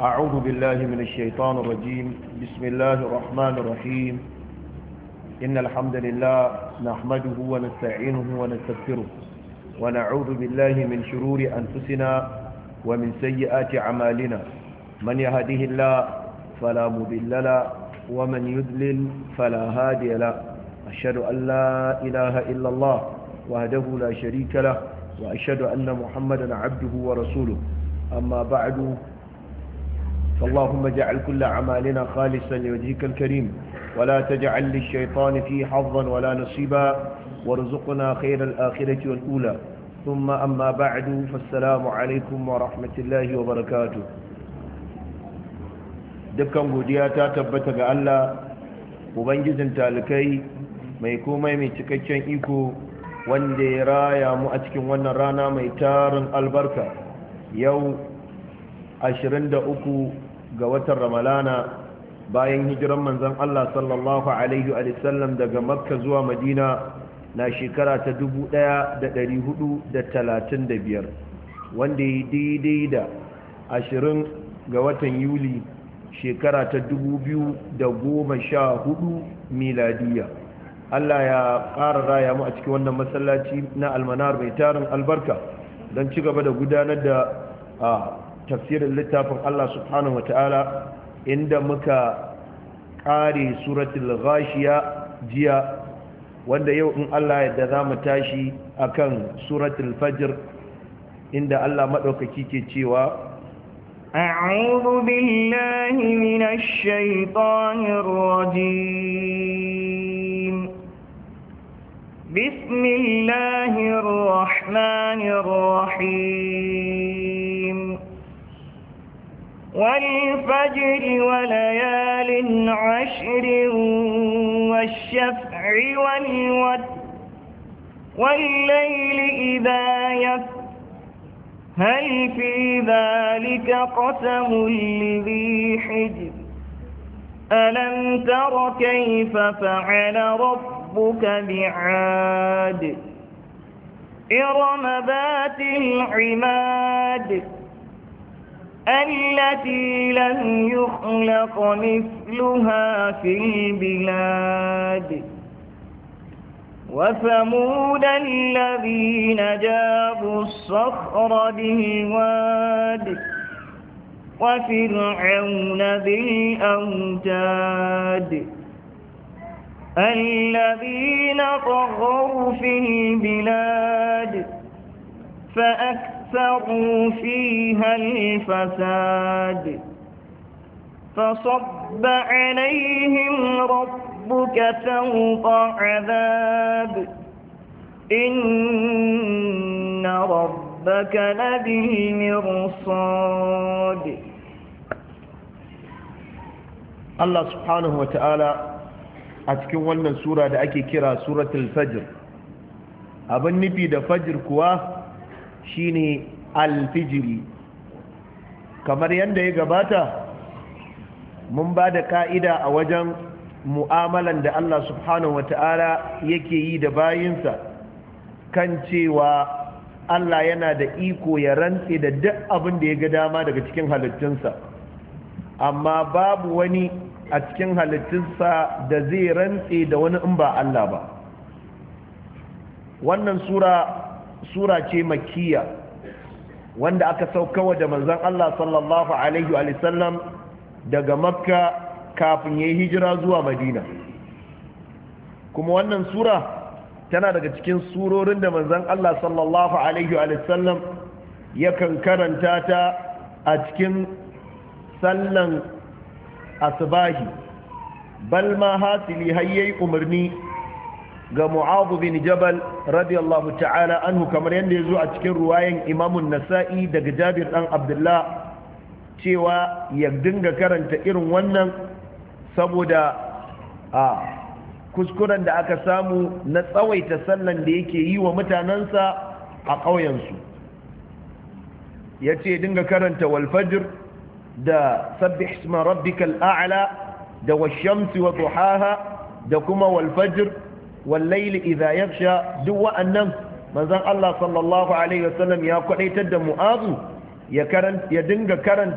أعوذ بالله من الشيطان الرجيم بسم الله الرحمن الرحيم إن الحمد لله نحمده ونستعينه ونستغفره ونعوذ بالله من شرور أنفسنا ومن سيئات أعمالنا من يهده الله فلا مضل له ومن يضلل فلا هادي له أشهد أن لا إله إلا الله وهده لا شريك له وأشهد أن محمدا عبده ورسوله أما بعد اللهم اجعل كل أعمالنا خالصا لوجهك الكريم ولا تجعل للشيطان فيه حظا ولا نصيبا وارزقنا خير الآخرة والأولى ثم أما بعد فالسلام عليكم ورحمة الله وبركاته dukkan godiya ta tabbata ga Allah ubangijin talikai mai komai mai cikakken iko wanda ya raya mu a cikin wannan rana mai tarin albarka yau 23 ga watan ramalana bayan hijiran manzan Allah sallallahu alaihi wa daga makka zuwa madina na shekara ta 1435 wanda ya daidai da 20 ga watan yuli shekara ta 2014 miladiya Allah ya ƙara raya mu a cikin wannan masallaci na almanar mai tarin albarka don ci gaba da gudanar da tafsirin littafin Allah subhanahu wata'ala inda muka ƙare suratul ghashiya jiya wanda yau in Allah yadda za mu tashi akan suratul fajr inda Allah maɗaukaki ke cewa أعوذ بالله من الشيطان الرجيم بسم الله الرحمن الرحيم والفجر وليال عشر والشفع والوتر والليل إذا يفر هل في ذلك قسم لذي حجر ألم تر كيف فعل ربك بعاد إرم ذات العماد التي لم يخلق مثلها في البلاد وثمود الذين جابوا الصخر بالواد وفرعون بالأوتاد الذين طغوا في البلاد فأكثروا فسقوا فيها الفساد فصب عليهم ربك فوق عذاب إن ربك لبالمرصاد Allah subhanahu wa ta'ala a cikin wannan sura da ake kira suratul fajr abin nufi da fajr kuwa shine alfijiri kamar yadda ya gabata mun ba da ka'ida a wajen mu'amalan da Allah subhanahu wata'ala yake yi da bayinsa kan cewa Allah yana da iko ya rantse da duk abin da ya ga dama daga cikin halittunsa amma babu wani a cikin halittunsa da zai rantse da wani in ba Allah ba wannan sura sura ce makkiya wanda aka saukawa da manzon Allah sallallahu alaihi wa sallam daga makka kafin ya hijira zuwa madina kuma wannan sura tana daga cikin surorin da manzon Allah sallallahu alaihi wa sallam yakan karanta ta a cikin sallan asbahi Balma ma hasili hayyai umarni ga mu'adhu bin jabal radiyallahu ta'ala anhu kamar yadda yazo a cikin ruwayan imamun nasa'i daga jabir dan abdullah cewa ya dinga karanta irin wannan saboda a kuskuren da aka samu na tsawaita sallan da yake yi wa mutanensa a ƙauyensu ya ce dinga karanta walfajir da sabbi isma rabbikal a'la da washamsi wa duhaha da kuma walfajir wallaili idha yaghsha duk wa'annan manzon Allah sallallahu alaihi wasallam ya kwadaitar da mu'azu ya ya dinga karanta